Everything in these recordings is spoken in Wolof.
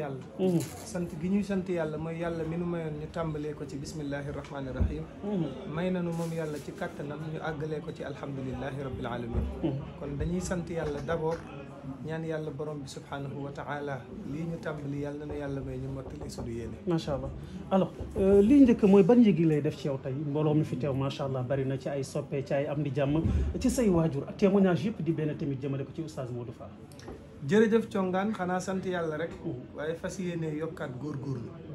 yàlla sant gi ñuy sant yàlla mooy yàlla mi nu mayoon ñu tàmbalee ko ci bismillahi rahmaani rahim may nanu moom yàlla ci kàttanam ñu àggalee ko ci alhamdulillahi rabbil alamin kon dañuy sant yàlla d'abord ñaan yàlla borom bi subhaanahu wa taala lii ñu tàmbali yàlla na yàlla may ñu mottali suñu yéene macha allah alors euh, lii njëkk mooy ban yëgi lay def ci yow tey mbooloo mi fi teew macha allah bari na ci ay soppe ci ay am di jàmm ci say waajur ak témoignage yëpp di benn tamit jëmale ko ci oustaz Modou Fall jërëjëf congaan xanaa sant yàlla rek waaye fas yéene yokkaat góor góor góorgóorlu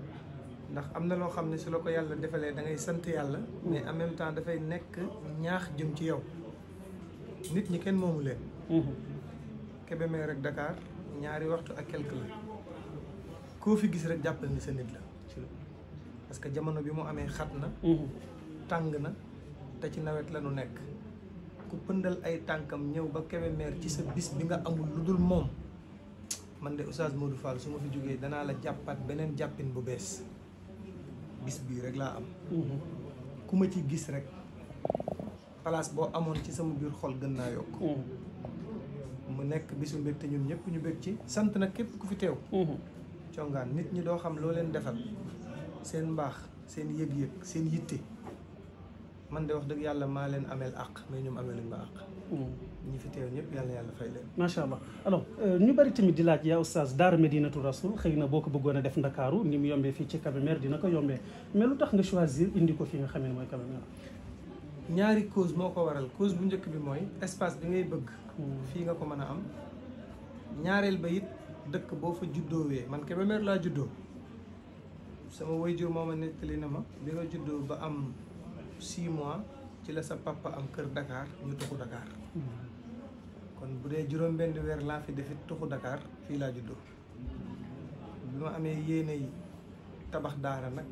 ndax am na loo xam ne su loo ko yàlla defalee dangay sant yàlla mais en même temps dafay nekk ñaax jëm ci yow Kébémer rek Dakar ñaari waxtu ak quelque la koo fi gis rek jàppal ni sa nit la parce que jamono bi mu amee xat na mhm. tàng na te ci nawet la nu nekk ku pëndal ay tànkam ñëw ba Kébémer ci sa bis bi nga amul lu dul moom man de Oustaz Modou Fall su ma fi jógee danaa la jàppaat beneen jàppin bu bees bis bii rek laa am mhm. ku ma ci gis rek place boo amoon ci sama biir xol gën naa yokk mhm. bu nekk bisu te ñun ñëpp ñu bég ci sant nag képp ku fi teew mhm. congaan nit ñi doo xam loo leen defal seen mbaax seen yëg-yëg seen yitte man de wax dëgg yàlla maa leen ameel àq mais ñoom ameeluñ ma àq mhm. ñi fi teew ñëpp yàlla yàlla fay leen macha allah alors euh, ñu bari tamit di laaj yaa oustaz daara Medinatu Rasul xëy na boo ko bëggoon a def ndakaaru ni mu yombee fii ci Kébémer dina ko yombee mais lu tax nga choisir indi ko fi nga xam mooy Kébémer ñaari cause moo ko waral cause bu njëkk bi mooy espace bi ngay bëgg fii nga ko mën a am ñaareel ba it dëkk boo fa juddoowee man Kébémer laa juddoo sama waajur moo ma nettali na ma bi nga juddoo ba am six mois ci la sa papa am kër dakaar ñu tuxu Dakar kon bu dee juróom benn weer laa fi defit tuxu dakaar fii laa juddoo bi ma amee yéene yi tabax daara nag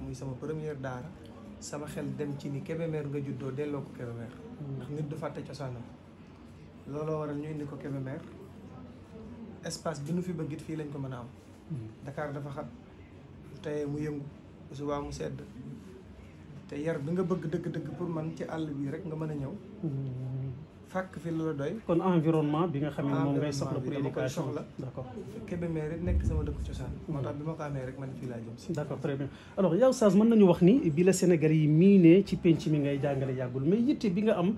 muy sama première daara sama xel dem ci ni Kébémer nga juddoo delloo ko Kébémer ndax nit du fàtte cosaanam looloo waral ñu indi ko Kébémer espace bi nu fi bëggit fii lañ ko mën a am hmm. Dakar dafa xat tey mu yëngu subaa mu sedd te yar bi nga bëgg dëgg-dëgg pour man ci àll bii rek nga mën a ñëw hmm. fàkk fi lu la doy. kon environnement bi nga xam ne moom ngay soxla pour éducation soxla d' accord Kébémer rek nekk sama dëkk cosaan hmm. moo tax bi ma ko amee rek man fii laa jëm si d' accord très bien alors yow Oustaz mën nañu wax ni bi la Sénégal yi miinee ci penc mi ngay jàngale yàggul mais yitte bi nga am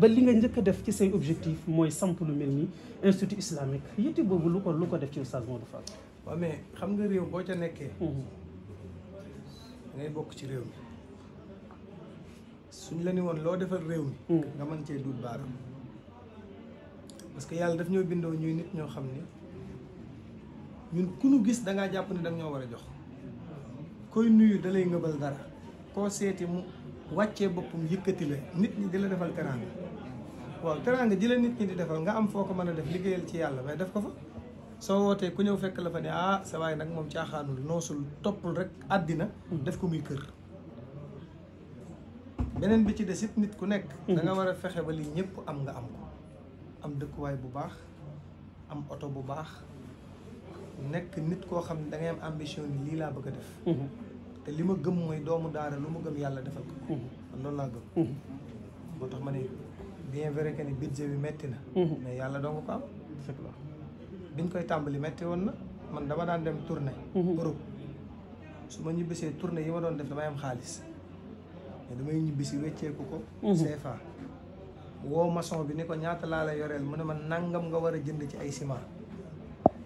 ba li nga njëkk def ci say objectif mooy samp lu mel ni institut islamique yitte boobu lu ko lu ko def ci Oustaz Modou Fall waaw mais xam nga réew boo ca nekkee hmm. ngay bokk ci réew mi suñ la ni woon loo defar réew mi hmm. nga mën cee duut baaram parce que yalla daf ñoo bindo ñuy nit ñoo xamni ñun ku ñu gis da nga japp ni da nga war jox koy nuyu da lay dara ko seti mu wacce bopum yëkëti la nit ñi dila defal teraanga waaw teraanga ji nit ñi di defal nga am foko mëna def liggéeyal ci yalla mais def ko fa so wote ku ñew fekk la fa ni ah sa topul rek adina hmm. def ko muy kër benen bi ci nit ku nek hmm. da nga wara fexé ba li ñepp am nga am ko am dëkkuwaay bu baax am oto bu baax nekk nit koo xam ne da ngay am ambition ni lii laa bëgg a def mhm. te li ma gëm mooy doomu daara lu ma gëm yàlla defal ko mhm. man loolu laa gëm boo mhm. tax ma ne bien vrai que ni budget bi metti na mais yàlla doo nga ko am koy tàmbali metti woon na man dama daan dem tournée Europe su ma ñibbisee tournée yi ma doon def damay am xaalis mais damay ñibbisi wecceeku ko CFA woo maçon bi ni ko ñaata laa la yoreel mu ne ma nangam nga war a jënd ci ay ciment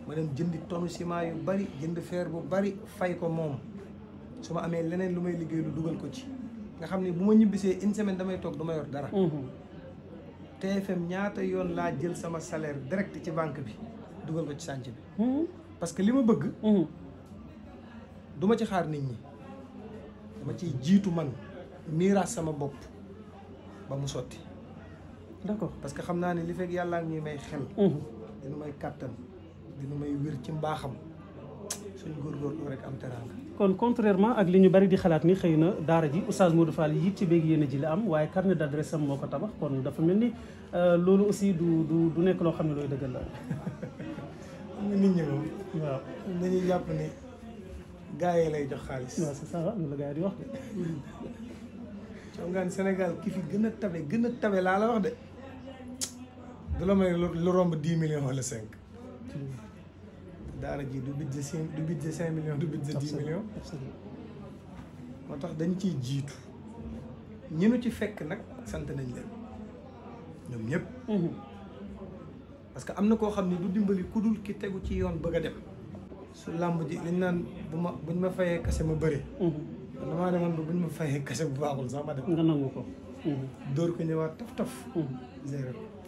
ma dem jënd tonu ciment yu bari jënd fer bu bari fay ko moom su ma amee leneen lu may liggéey lu dugal ko ci nga xam ne bu ma ñibbisee une semaine damay toog du ma yor dara TFM mhm. ñaata yoon laa jël sama salaire direct ci banque bi dugal ko ci sànc bi mhm. parce que li ma bëgg mhm. duma ci xaar nit ñi dama ci jiitu man miiraas sama bopp ba mu sotti d'accord parce que xam naa ne li fekk yàllaa ngi may xel. dina may kàttan dina may wér ci mbaaxam suñu góorgóorlu rek am teraanga. kon contrairement ak li ñu bari di xalaat ni xëy na daara ji Oustaz Modou Fall yi ci beeg yéen a ji la am waaye karne d'adresse am moo ko tabax kon dafa mel ni euh, loolu aussi du du du nekk loo xam ne looy dëggal la. xam nga nit ñi moom. waaw di wax de. xam ki fi gën a tabe gën a tabe laa la wax de. du la may lu romb dix millions wala cinq daara ji du budget cinq du budget cinq millions du budget dix millions moo tax dañ ciy jiitu ñi nu ci fekk nag sant nañ leen ñoom ñëpp mhm. parce que am na koo xam ne du dimbali ku dul ki tegu ci yoon bëgg a làmb ji liñ naan bu ma buñ ma fayee kase ma bëri mhm. damaa demoon ba buñ ma fayee kase bu baaxul sax ma dem nga ko mhm. dóor ko ñëwaat taf taf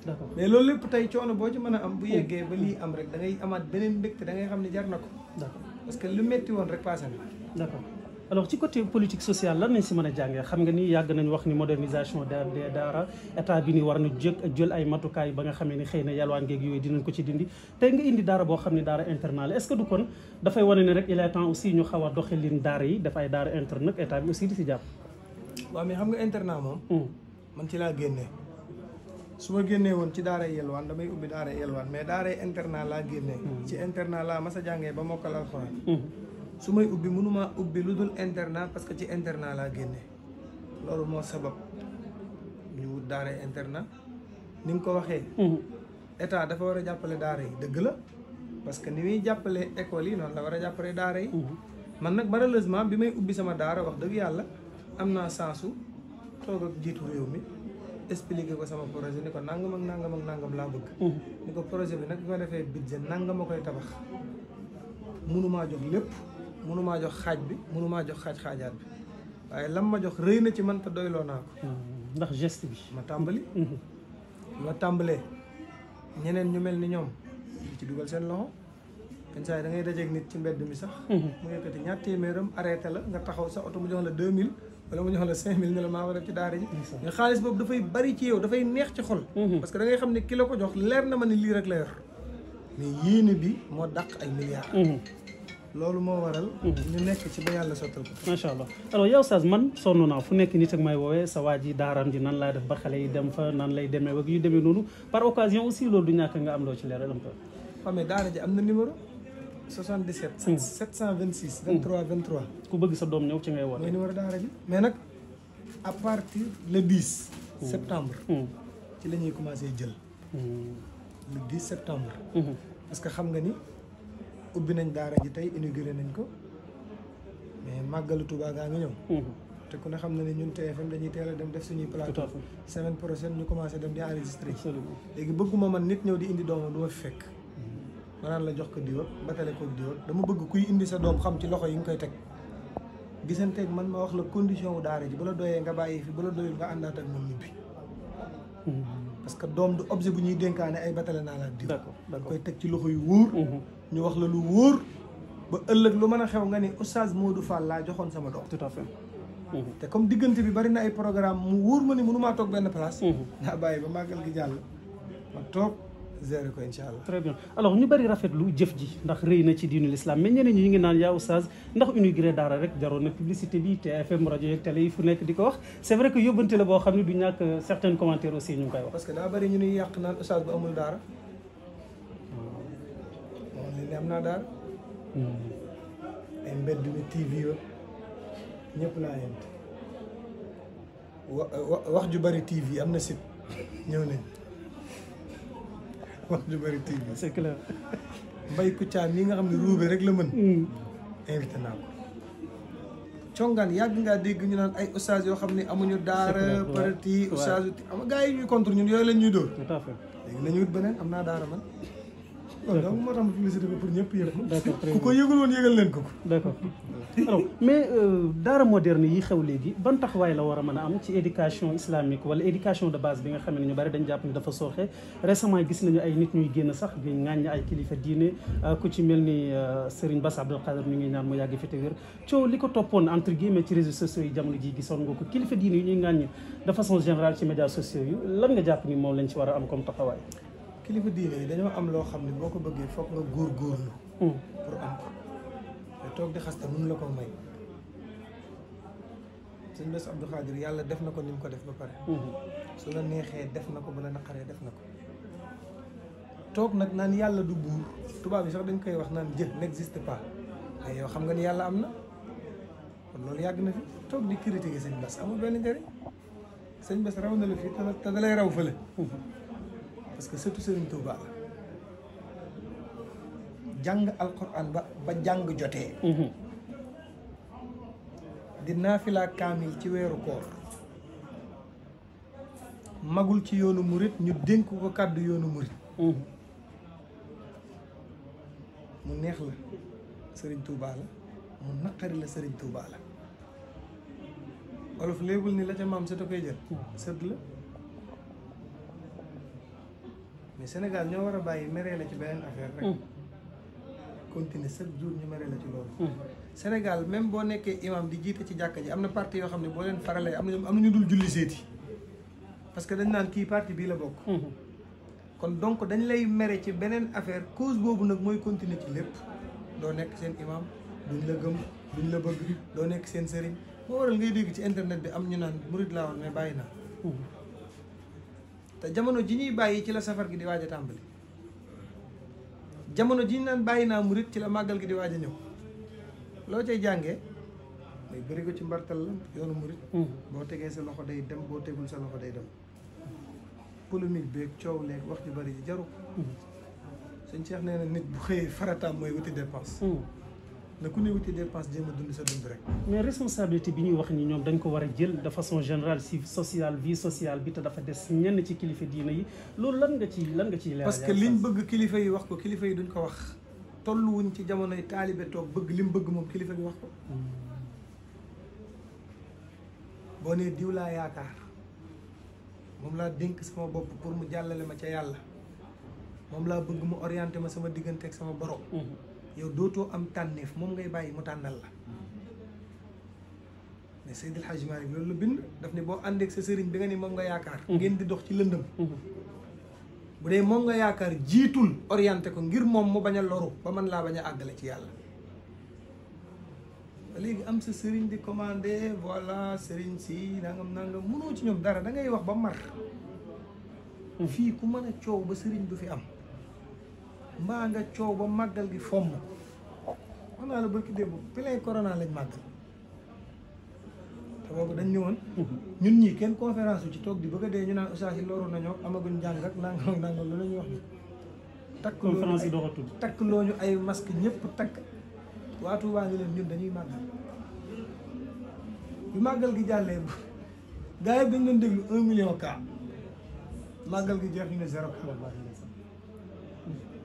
d'accord mais loolu lépp tey coono boo ci mën a am bu yeggee ba lii am rek da amaat beneen mbégte da ngay xam ne jar na ko d'accord parce que lu metti woon rek passé na d'accord ci côté politique sociale lan nañ si mën a jàngee xam nga ni yàgg nañ wax ni modernisation des daara état bi ni war na jëkk jël ay matukaay ba nga xamee ni xëy na yalwaan ngeeg yooyu dinañ ko ci dindi te nga indi daara boo xam ne daara internat la du kon dafay wane ne rek il est temps aussi ñu xaw a doxalin daara yi def ay daara interne nag état bi aussi di si jàpp waaw mais xam nga internat moom hmm. man ci laa génnee su ma génnee woon ci daara yelwaan damay ubbi daara yelwaan mais daara internat laa génnee hmm. ci internat laa ma a jàngee ba mokkal alxuraan hmm. su may ubbi mënumaa ubbi lu dul internat parce que ci internat laa génnee loolu moo sabab ñu wut daara internat ni nga ko waxee hmm. état dafa war a jàppale daara yi dëgg la parce que ni muy jàppale école yi noonu la war a jàppale daara yi man nag malheureusement bi may ubbi sama daara wax dëgg yàlla am naa sansu toog ak jiitu mi expliquer ko sama projet ni ko nangam ak nangam ak nangam la bëgg. Hmm. ni ko projet bi nak bima défé budget nangam a koy tabax. munumaa jox lépp munumaa jox xaj bi munumaa jox xaj xajaat bi waye lam ma jox reyna ci man ta doylo naa ko. Hmm. ndax geste bi. ma tambali hmm. ma tambalé ñeneen ñu melni ñom ci duggal sen loxo. kan say da ngay dajeeg nit ci mbéd mi sax. mu yëkëti ñaat téméram arrêté la nga taxaw sa auto mu jox la 2000 wala mu jox la cinq mille ne la maa war a def ci daara ji mais xaalis boobu dafay bari ci yow dafay neex ci xol mhm. parce que da xam ne ki la ko jox leer na ma ne lii rek la yor mais yéene bi moo dàq ay milliards mhm. loolu moo waral mhm. ñu nekk ci ba yàlla sottal ko macha allah alors yow Oustaz man sonn fu nekk nit ak may woowee sa waa ji daaraam ji nan laa def ba xale yi dem fa nan lay demee wak yu demee noonu par occasion aussi loolu du ñàkk nga am loo ci leer am 77 726 23 23 ku bëgg sa doom ñëw ci ngay wone mooy numéro daara ji mais nak à partir le 10 mmh. septembre mmh. ci lañuy commencé jël mmh. le 10 septembre parce que xam nga ni ubbi nañ daara ji tay inauguré nañ ko mais magal Tuubaa gaa nga ñëw te ku ne xam na ni ñun TFM dañuy téla dem def suñuy plateau semaine prochaine ñu commencé dem di enregistrer légui bëgguma man nit ñëw di indi doom du fekk ma la jox ko diwa batale ko diwa dama bëgg kuy indi sa doom xam ci loxo yi nga koy teg gisanteeg man ma wax la condition wu daara ji bu la doyee nga bàyyi fi bu la doyul nga àndaat ak moom ñibbi mm-hmm. parce que doom du objet bu ñuy dénkaane ay batale naa la diw da koy teg ci loxo yu wóor mm-hmm. ñu wax la lu wóor ba ëllëg lu mën a xew nga ni oustaz Modou Fall laa joxoon sama doom tout à mm-hmm. te comme diggante bi bari na ay programme mu wóor ma ni mënumaa toog benn place naa bàyyi ba màggal gi jàll ma toog gérer ko incha allah. très bien alors ñu bëri rafetlu jëf ji ndax rëy na ci diinu l'islam mais ñeneen ñi ñu ngi naan yaa oustaz ndax inauguré daara rek jaroon na publicité bi fem rajo yeeg télé yi fu nekk di ko wax c' est vrai que yóbbante la boo xam ne du ñàkk certains commentaires aussi ñu ngi koy parce que daa bëri ñu ni yàq naan oustaz bu amul daara. am naa daara. Hmm. ay mbedd mi TV ba ñëpp laa yem. wa wax ju bëri TV am na site ñëw nañ. wax ju bëri TV c'est clair Mbaye mii nga xam ne ruube rek la mën mm. invité naa ko congaan yàgg ngaa dégg ñu naan ay oustaz yoo xam ne amuñu daara parati oustaz yu am gaa yi ñuy contre ñun yooyu lañ ñuy dóor léegi nañu wut beneen am naa daara man loolu moo tax ma publicité ko pour ñëpp yëg ko. ku ko yëgul woon yëgal leen ko. d' mais euh, daara moderne yi xew léegi ban taxawaay la war a mën a am ci éducation islamique wala éducation de base bi nga xam ne ñu bari dañ jàpp ni dafa sooxe récemment gis nañu ay nit ñuy génn sax di ŋàññ ay kilifa diine euh, ku ci mel ni euh, Serigne Bass Abdou Khadre ñu ngi ñaan mu yàgg fi te coow li ko toppoon entre guillemets ci réseaux sociaux yi jamono ji gisoon nga ko kilifa diine yi ñuy ŋàññ de façon générale ci médias sociaux lan nga ni moom lañ ci war a am comme taxawaay. kilifa diine yi dañoo am loo xam ne boo ko bëggee foog nga góorgóorlu. Hmm. pour am ko toog di xaste mën la ko may. sëñ Bass Abdou Khadir yàlla def na ko ni mu ko def ba pare. Hmm. su la neexee def na ko bu la naqaree def na ko. toog nag naan yàlla du buur tubaab yi sax dañ koy wax naan jë n'existe pas mais yow xam nga ni yàlla am na kon loolu yàgg na fi toog di critiquer sëñ Bass amul benn njëriñ sëñ Bass raw na la fii te da lay raw fële. Hmm. parce que surtout Serigne Touba la jàng alquran ba ba jàng jotee mhm. di naafila kaamil ci weeru koor magul ci yoonu murit ñu dénk ko kàddu yoonu murit mhm. mu neex la Serigne Touba la mu naqari la Serigne Touba la olof léegul ni la ca maam sët a koy jël mhm. la mais Sénégal ñoo war a bàyyi meree la ci beneen affaire rek. Hmm. continuer chaque jour ñu meree la ci loolu. Hmm. Sénégal même boo nekkee imam di jiite ci jàkka ji am na partie yoo xam ne boo leen faralee am na am na ñu dul julli seeti parce que dañ naan kii parti bii la bokk. Hmm. kon donc dañ lay mere ci beneen affaire cause boobu nag mooy continuer ci lépp doo nekk seen imam duñ la gëm duñ la bëgg doo nekk seen sëriñ moo waral ngay dégg ci internet bi am ñu naan murid laa woon mais bàyyi ta jamono ji ñuy ci la safar gi di waja tambali jamono ji nan naan bàyyi naa ci la magal gi di waja ñew lo loo jange day ko ci mbartal la yoonu murid hmm. bo tege sa loxo day dem bo tegul sa loxo day dem polémique beek ciow leeg wax ju bari ji jaru hmm. suñ Cheikh neena nit bu xey farata moy wuti dépense hmm. na ku ne wuti dépense jéem a dund sa dund rek. mais responsabilité bi ñuy wax ni ñoom dañ ko war a jël de façon générale si sociale vie sociale bi te dafa des ñenn ci kilifa diina yi loolu lan nga ci lan nga ciy leeral. parce que liñ bëgg kilifa yi wax ko kilifa yi duñ ko wax tolluwuñ ci jamonoy taalibe toog bëgg lim bëgg moom kilifa bi wax ko. Hmm. boo nee diw laa yaakaar moom laa dénk sama bopp pour mu jàllale ma ca yàlla moom laa bëgg mu orienté ma sama diggante ak sama borom. Hmm. yow doto am tanef mom ngay bayyi mu tanal la ne Seydil Hadji hajj loolu lolou bind daf ne ande ak sa serigne bi nga ni mom nga yakar mhm. ngeen di dox ci leundum mhm. bu mom nga yakar jitul orienté ko ngir mom mu baña loru ba man la baña a ci yalla léegi am sa sëriñ di commandé voilà sëriñ si nangam nangam mënoo ci ñoom dara da ngay wax ba mar mhm. fii ku ba sëriñ du fi am mbaa nga coow ba màggal gi fomm wax naa la barki démb plein corona lañ màggal te boobu dañ ñëwoon mhm. ñun ñii kenn conférence yu ci toog di bëgg dee ñu naan ustaas yi loru nañoo amaguñ njàng ak nangam ak nangam lu la ñuy wax ni takk conférence yi takk loo ñu ay mask ñëpp takk waa Tuubaa leen ñun dañuy màggal bi màggal gi jàllee bu gars yi dañ doon déglu un million màggal gi jeex ñu ne zéro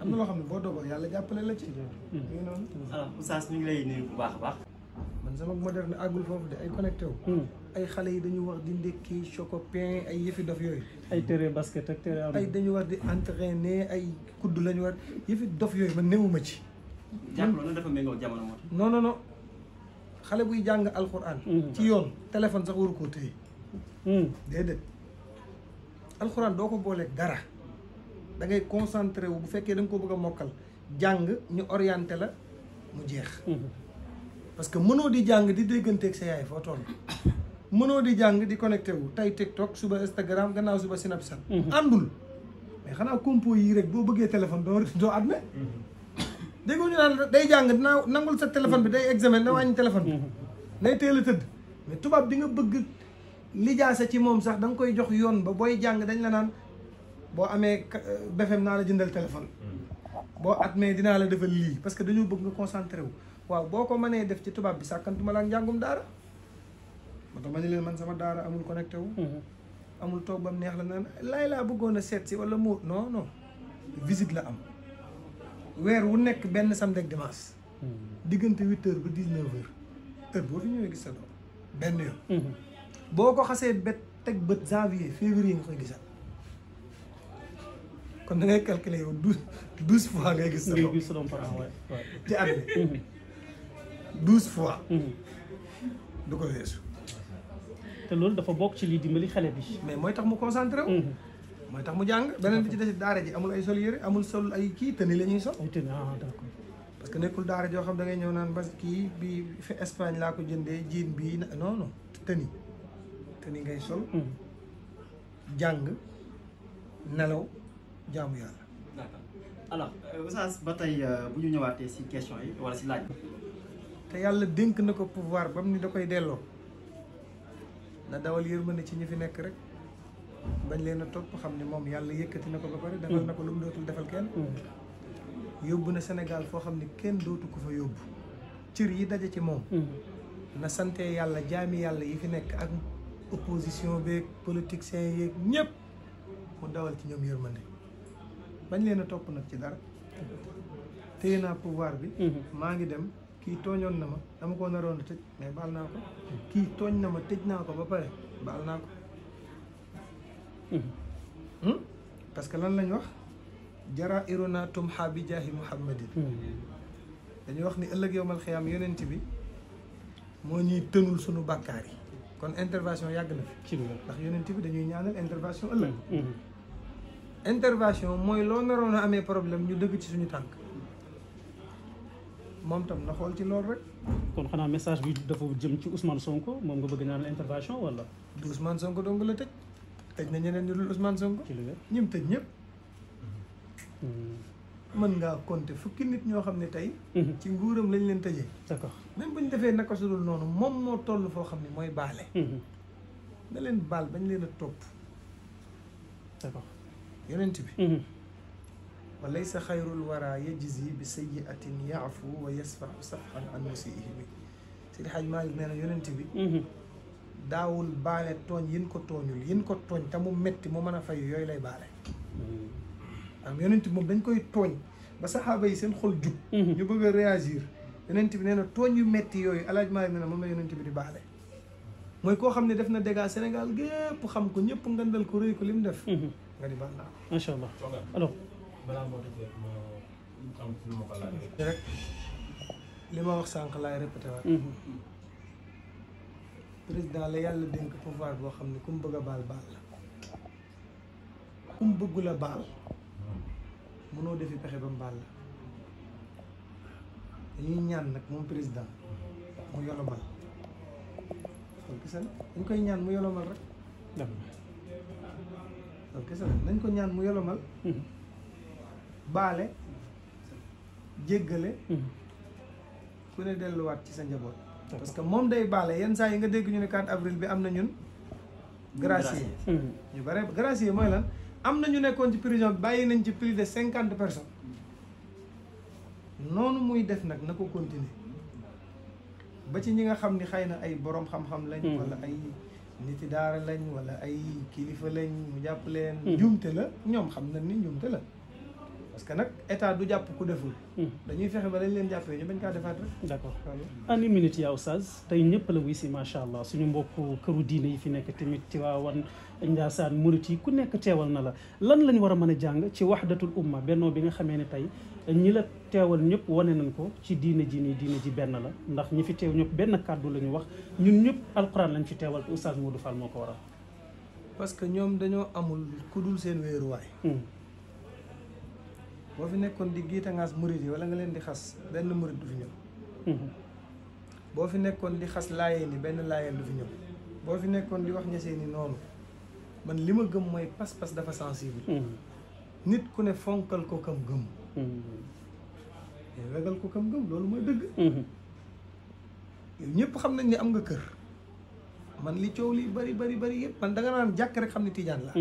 am na loo xam ne boo dogoon yàlla jàppale la ci. ñu hmm. ngi noonu. ah Oustaz ñu ngi lay nuyu bu baax a baax. man sama moderne àggul foofu de ay connecté wu. Hmm. ay xale yi dañu war di ndekki chocopin ay yëfi dof yooyu. ay terrain basket ak terrain ay dañu war di entraîner ay kudd lañu war yëfi dof yooyu man néewuma ci. jàpp loolu jamono moo tax. non xale buy jàng alxuraan. Hmm. ci yoon téléphone sax waru koo téye. déedéet alxuraan doo ko booleeg dara. da ngay concentré wu bu fekkee dang ko bëgg mokal jang ñu orienté la mu jeex. Mhm. parce que mëno di jang di ak sa yaay fo toll. mëno di jang di connecté wu tay TikTok suba Instagram gannaaw suba Snapchat. andul mhm. mais xana compo yi rek bo bëggé téléphone do do admet. Mhm. déggoo ñu naan day jang dina nangul sa téléphone bi day examen da wàññi téléphone bi. téle teud mais tubab di nga bëgg jaasé ci mom sax dang koy jox yoon ba boy jang dañ la naan. boo amee euh, BFM naa la jëndal téléphone mm. boo atmee dinaa la defal lii parce que dañoo bëgg nga concentré wu waaw boo ko mënee def ci tubaab bi sàkkantuma la ak njàngum daara moo tax ma ne leen man sama daara amul connecté wu mm-hmm. amul toog bam neex la naan laay laa bëggoon a seet si wala mu non non la am weer wu nekk benn sam ak dimanche mm-hmm. diggante huit heures ba dix neuf heures heure boo fi ñëwee gis sa doom benn yoon mm-hmm. boo ko xasee bet teg bët janvier février nga koy gisal kon da ngay calculer yow douze douze fois ngay gis. sa doom gis sa doom par an ci at bi fois. Mhm. du ko weesu. te loolu dafa bokk ci lii dimbali xale bi. mais mooy tax mu concentré wu. Mhm. mooy tax mu jàng beneen bi ci des daara ji amul ay sol yëre amul sol ay kii tëni la ñuy sol. ay tëni ah parce que nekkul daara joo xam dangay ngay ñëw naan ba kii bi fi Espagne laa ko jëndee jiin bii non non tëni tëni ngay sol. Mhm. jàng nelaw. jaamu yàlla. d'accord alors euh, ba tey euh, bu ñu ñëwaatee si question yi wala si laaj. te yàlla dénk na ko pouvoir bam ni da koy delloo na dawal yërmande ci ñi fi nekk rek bañ leen a topp xam ne moom yàlla yëkkati na ko ba pare. defal na ko lu mu dootul defal kenn. Hmm. yóbbu na Sénégal foo xam ne kenn dootu ko fa yóbbu. cër yi daje ci moom. Hmm. na sante yàlla jaami yàlla yi fi nekk ak opposition beeg politiciens yeeg ñëpp mu dawal ci ñoom yërmande. bañ leen a topp nag ci dara téye naa pouvoir bi mhm. maa ngi dem kii tooñoon na ma dama koo naroon a tëj mais baal naa ko kii tooñ na ma tëj naa ko ba pare baal naa ko mhm. hmm? parce que lan lañ wax jara irona tum ha bi jaahi muhammadin mhm. dañuy wax ni ëllëg yowmal xiyaam yonent bi moo ñuy tënul suñu bàkkaar yi kon intervention yàgg na fi ci ndax yonent bi dañuy ñaanal intervention ëllëg intervention moy lo naroon amé problème ñu dëgg ci suñu tank mom tam na xol ci lool rek. kon xana message bi dafa jëm ci Ousmane Sonko mom nga bëgg ñaanal intervention wala. Ousmane Sonko dong la tej tej na ñeneen ñu dul Ousmane Sonko. ci ñim tej ñep hmm. mën nga konté fukki nit ñoo xamné tay hmm. ci nguuram lañ leen tejé d'accord même bu défé naka sudul nonu mom mo tollu fo xamné moy balé mooy hmm. na leen bal bañ leen top d'accord. ينتبه وليس خير الورى يجزي بسيئة يعفو ويسفع صفحا عن مسيئهم سيدي حاج مالك نانا ينتبه داول بالي تون ينكو تون يول ينكو تون تامو مت مو مانا فاي يوي لاي بالي ام يونت مو بن كوي تون با صحابه سين خول جوب ني بوغ رياجير يونت بي نانا تون يو مت يوي الحاج مالك نانا مو يونت بي دي بالي موي كو خامني دفنا ديغا سينيغال گيب خام كو نيب نغندل كو ري كو ليم ديف nga ni baal naa ko. incha allah balaa moo tëjee ma am li ma wax sànq laay répété waat. Mhm. la yàlla dénk pouvoir boo xam ne ku mu bëgg a baal baal la. ku mu bëggu la pexe ba mu ñaan nag moom président mu yolomal. koy ñaan mu yolomal rek. loolu kese la nañ ko ñaan mu yolomal baale jéggale ku ne delluwaat ci sa njaboot parce que moom day baale yenn saa yi nga dégg ñu ne 4 avril bi am na ñun gracier ñu bare gracier mooy lan am na ñu nekkoon ci prison bàyyi nañ ci plus de cinquante personnes noonu muy def nag na ko continuer ba ci ñi nga xam ni xëy na ay borom xam-xam lañ wala ay niti daara lañ wala ay kilifa lañ mu jàpp leen. Hmm. njuumte la ñoom xam nañ ni njuumte la. parce que nag état du jàpp ku deful. Hmm. dañuy fexe ba dañ leen jàppee ñu bañ kaa defaat rek. d' accord en une minute yaa oustaz tey ñëpp la wuy si macha allah suñu mbokku këru diine yi fi nekk tamit ci Tiwaawan Njaasaan murit yi ku nekk teewal na la lan lañ war a mën a jàng ci waxdatul umma bennoo bi nga xamee ne tey ñi la teewal ñëpp wane nañ ko ci diine ji nii diine ji benn la ndax ñi fi teew ñëpp benn kàddu la ñu wax ñun ñëpp alquran lañ fi teewal te oustaz Modou Fall moo ko waral. parce que ñoom dañoo amul ku dul seen wéeruwaay. Hmm. boo fi nekkoon di gita ngas murid yi wala nga len di xas ben murid du fi ñew mhm. bo fi nekkon di laye ni ben laye du fi ñew bo fi nekkon di wax ñese ni non man lima gëm moy pas-pas dafa sensible mhm. nit ku ne fonkal ko kam gëm wegal mhm. ko kam gëm lolu moy deug yow ñepp xam nañ ni am nga kër man li ciow li bari bari bari yépp man da nga naan jàkk rek xam la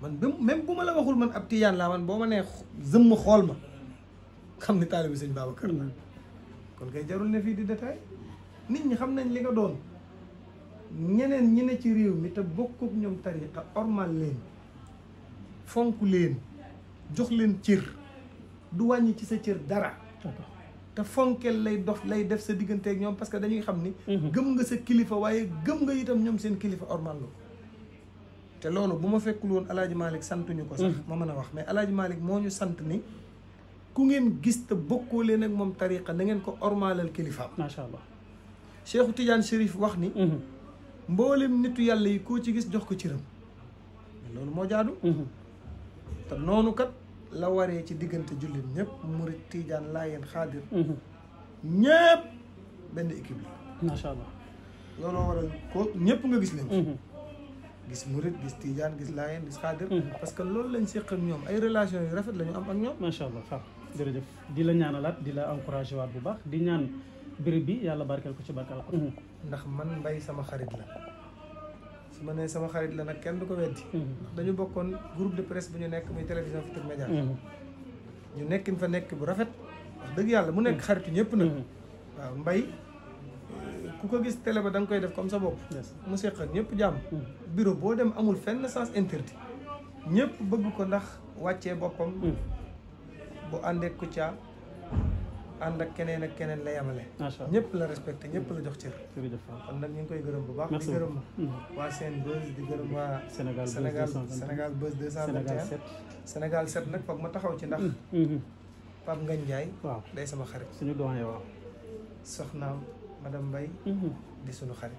man même bu ma la waxul man ab tijaan laa man boo ma nee zëmm xool ma xam ni taalibi sëñ Babacar la kon kay jarul ne fii di détail nit ñi xam nañ li nga doon ñeneen ñi ne ci réew mi te bokkub ñoom tariqa ormal leen fonk leen jox leen cër du wàññi ci sa cër dara te fonkel lay dox lay def sa digganteeg ñoom parce que dañuy xam ni mhm. gëm nga sa kilifa waaye gëm nga itam ñoom seen kilifa ormal la te loolu bu ma fekkul woon alaaji Malick santuñu ko sax mm-hmm. ma mën a wax mais alaaji Malick moo ñu sant ni ku ngeen gis te bokkoo leen ak moom tariqa na ngeen ko ormaalal kilifaam macha allah Cheikhu Tidiane Chérif wax ni mm-hmm. mbooleem nitu yàlla yi koo ci gis jox ko ci cëram loolu moo jaadu mm-hmm. te noonu kat la waree ci diggante jullit ñëpp murit Tidiane Laayeen Xaadir ñëpp benn équipe la macha allah looloo waral ko ñëpp nga gis leen gis mourid gis tijaan gis laayeen gis khadir hmm. parce que loolu lañ seq ak ñoom ay relation yu rafet lañu am ak ñoom macha allah faaw jërëjëf di la ñaanalaat di la encourager waat bu baax di ñaan béréb bi yàlla barkel ko ci ko hmm. ndax man mbay sama xarit la su ma sama xarit la nag kenn du ko weddi hmm. dañu bokkoon groupe de presse bu ñu nekk muy télévision futur média ñu nekkin fa nekk bu rafet wax dëgg yàlla mu nekk xaritu ñëpp nag waaw mbay ku ko gis télé ba da nga koy def comme sa bopp mu seqal ñëpp jàmm mm. bureau boo dem amul fenn sens interdit ñëpp bëgg ko ndax wàccee boppam mm. bu àndee Kouthia ànd ak keneen ak keneen la ñëpp la respecté ñëpp la jox cër kon nag ñu ngi koy gërëm bu baax di gërëm mm. waa seen buzz di gërëm waa Sénégal Sénégal buzz deux cent vingt et un set nag foog ma taxaw ci ndax mm-hmm. Pape Ngagne Ndiaye waaw day sama xarit suñu doon waaw soxnaam madame Mbaye mhm. di suñu xarit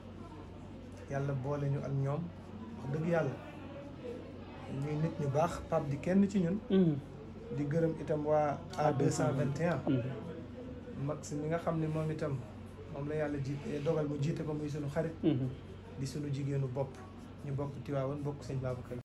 yàlla boole ñu ak ñoom wax dëgg yàlla ñuy nit ñu baax Pape di kenn ci ñun mhm. di gërëm itam waa A221 mhm. max mi nga xam ne moom itam moom la yàlla jiite eh, dogal mu jiite ko muy suñu xarit di suñu jigéenu bopp ñu bokk Tiwaawan bokk sëñ Babacar